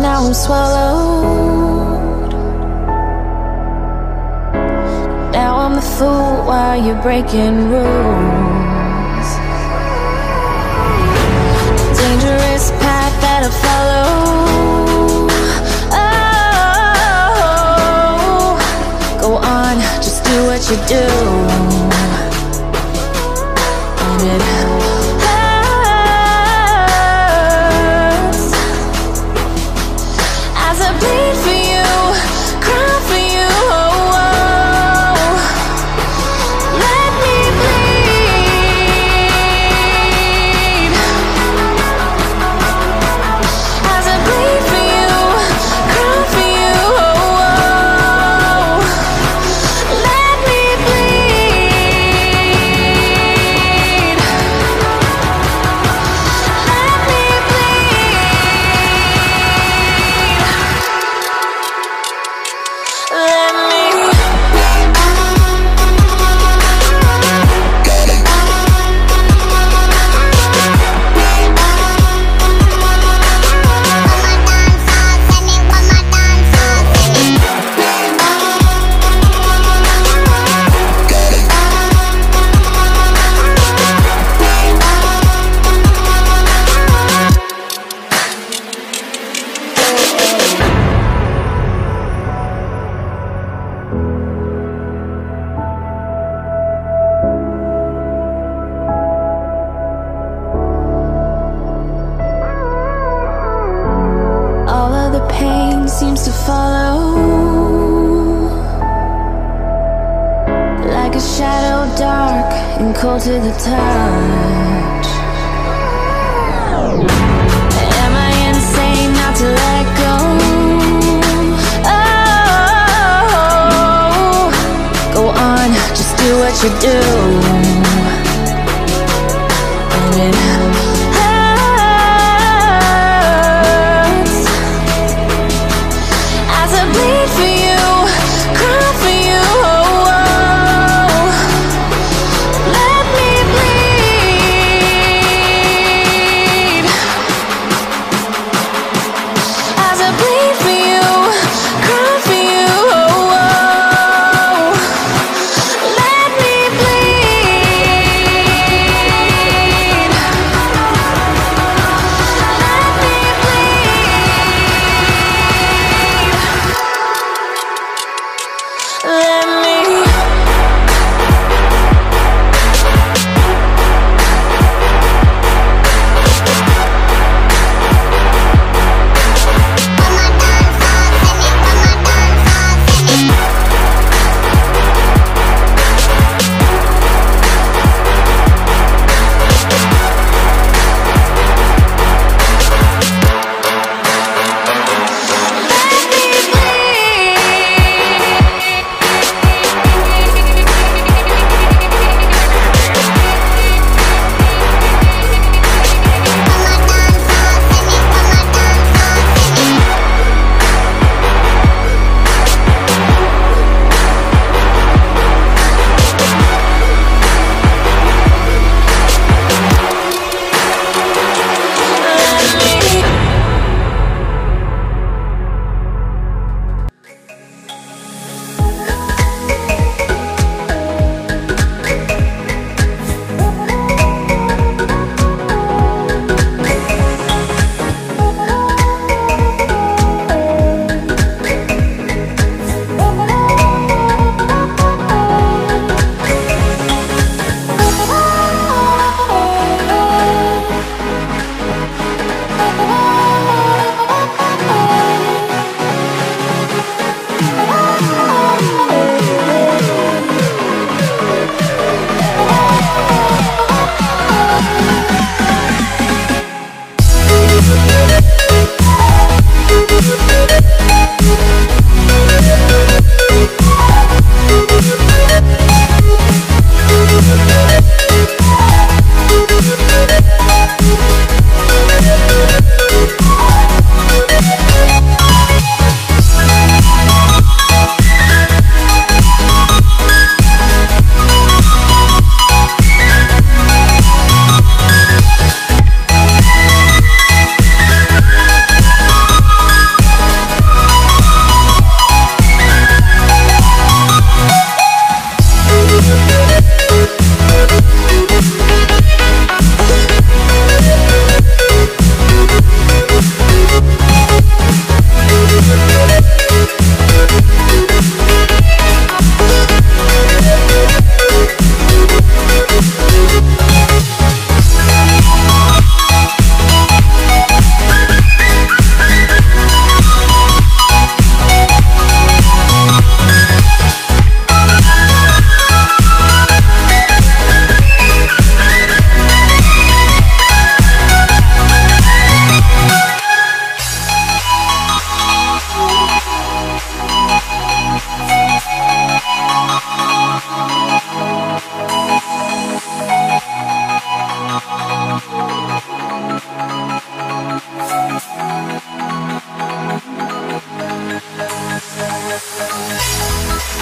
now I'm swallowed. Now I'm the fool while you're breaking rules. Dangerous path that I follow. Oh, go on, just do what you do. dark and cold to the touch Am I insane not to let go? Oh, go on, just do what you do And it Música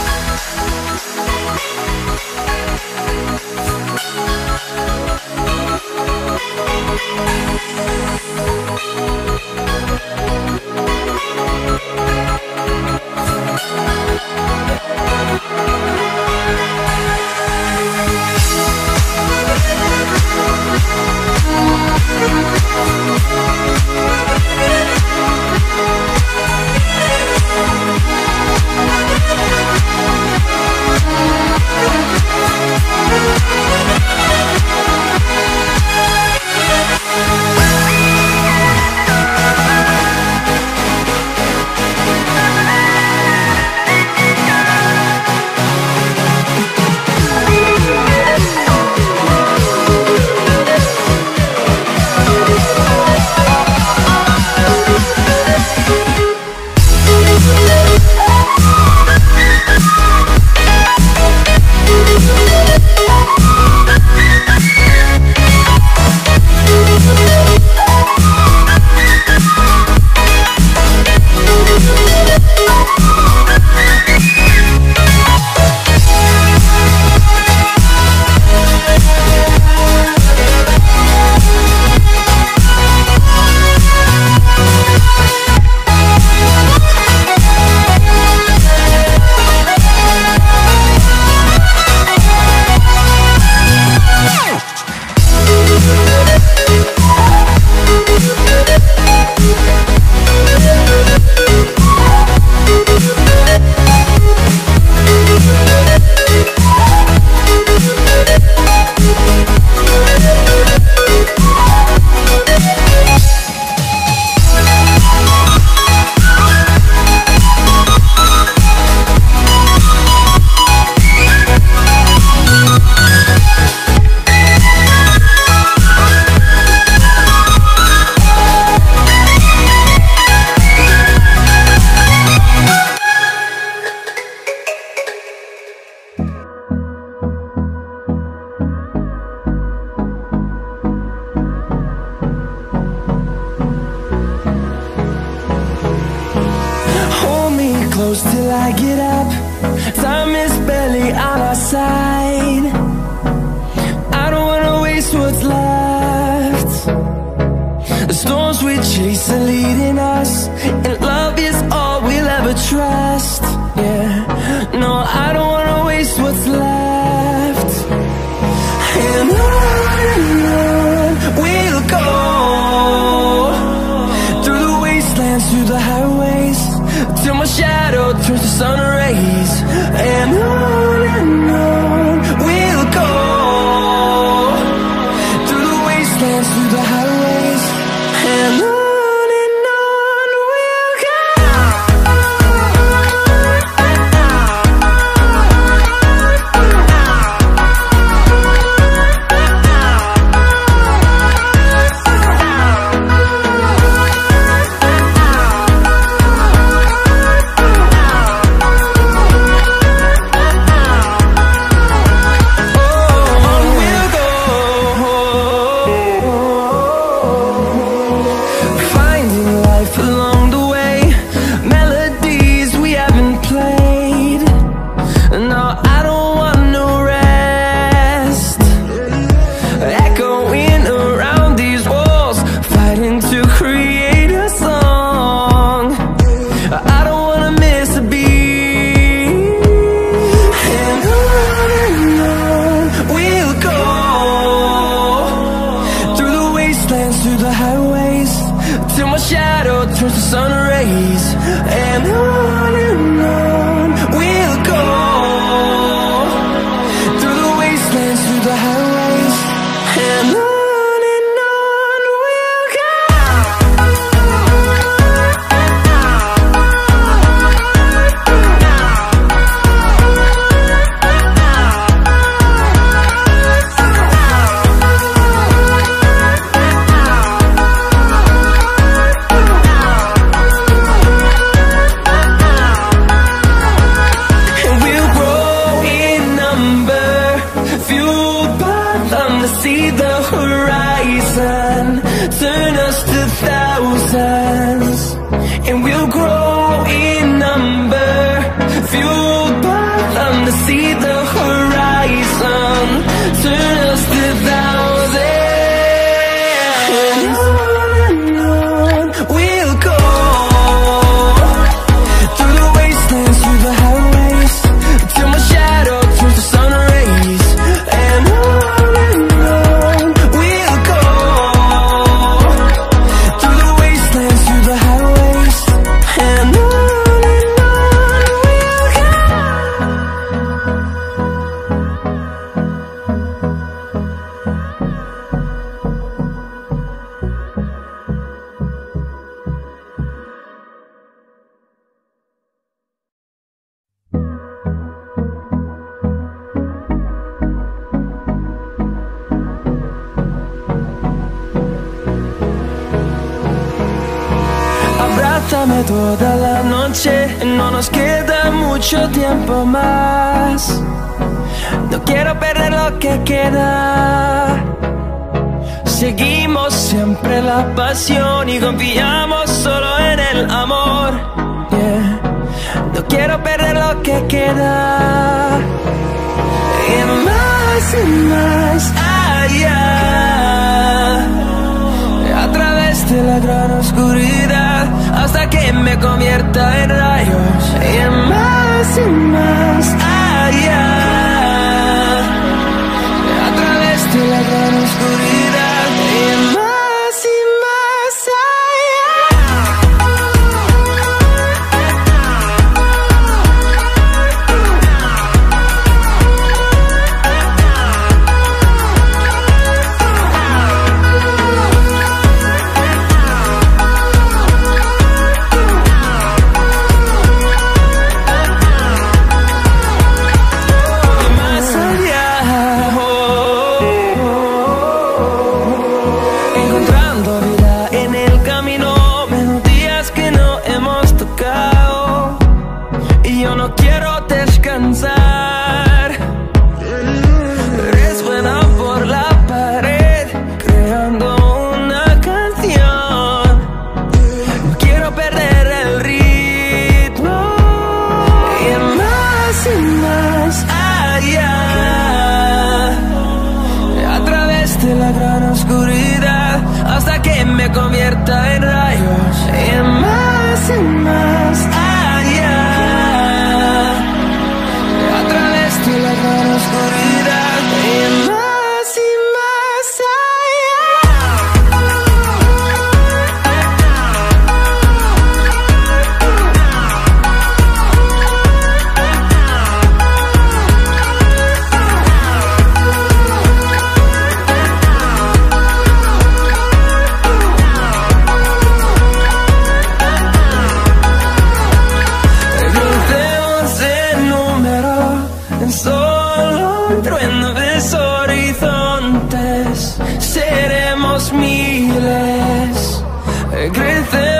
turns to sun rays And on and on mucho tiempo más. No quiero perder lo que queda. Seguimos siempre la pasión y confiamos solo en el amor. No quiero perder lo que queda. Y más y más allá. Ah, A través de la gran oscuridad hasta que me convierta en rayos. Y más as you in my me less. Great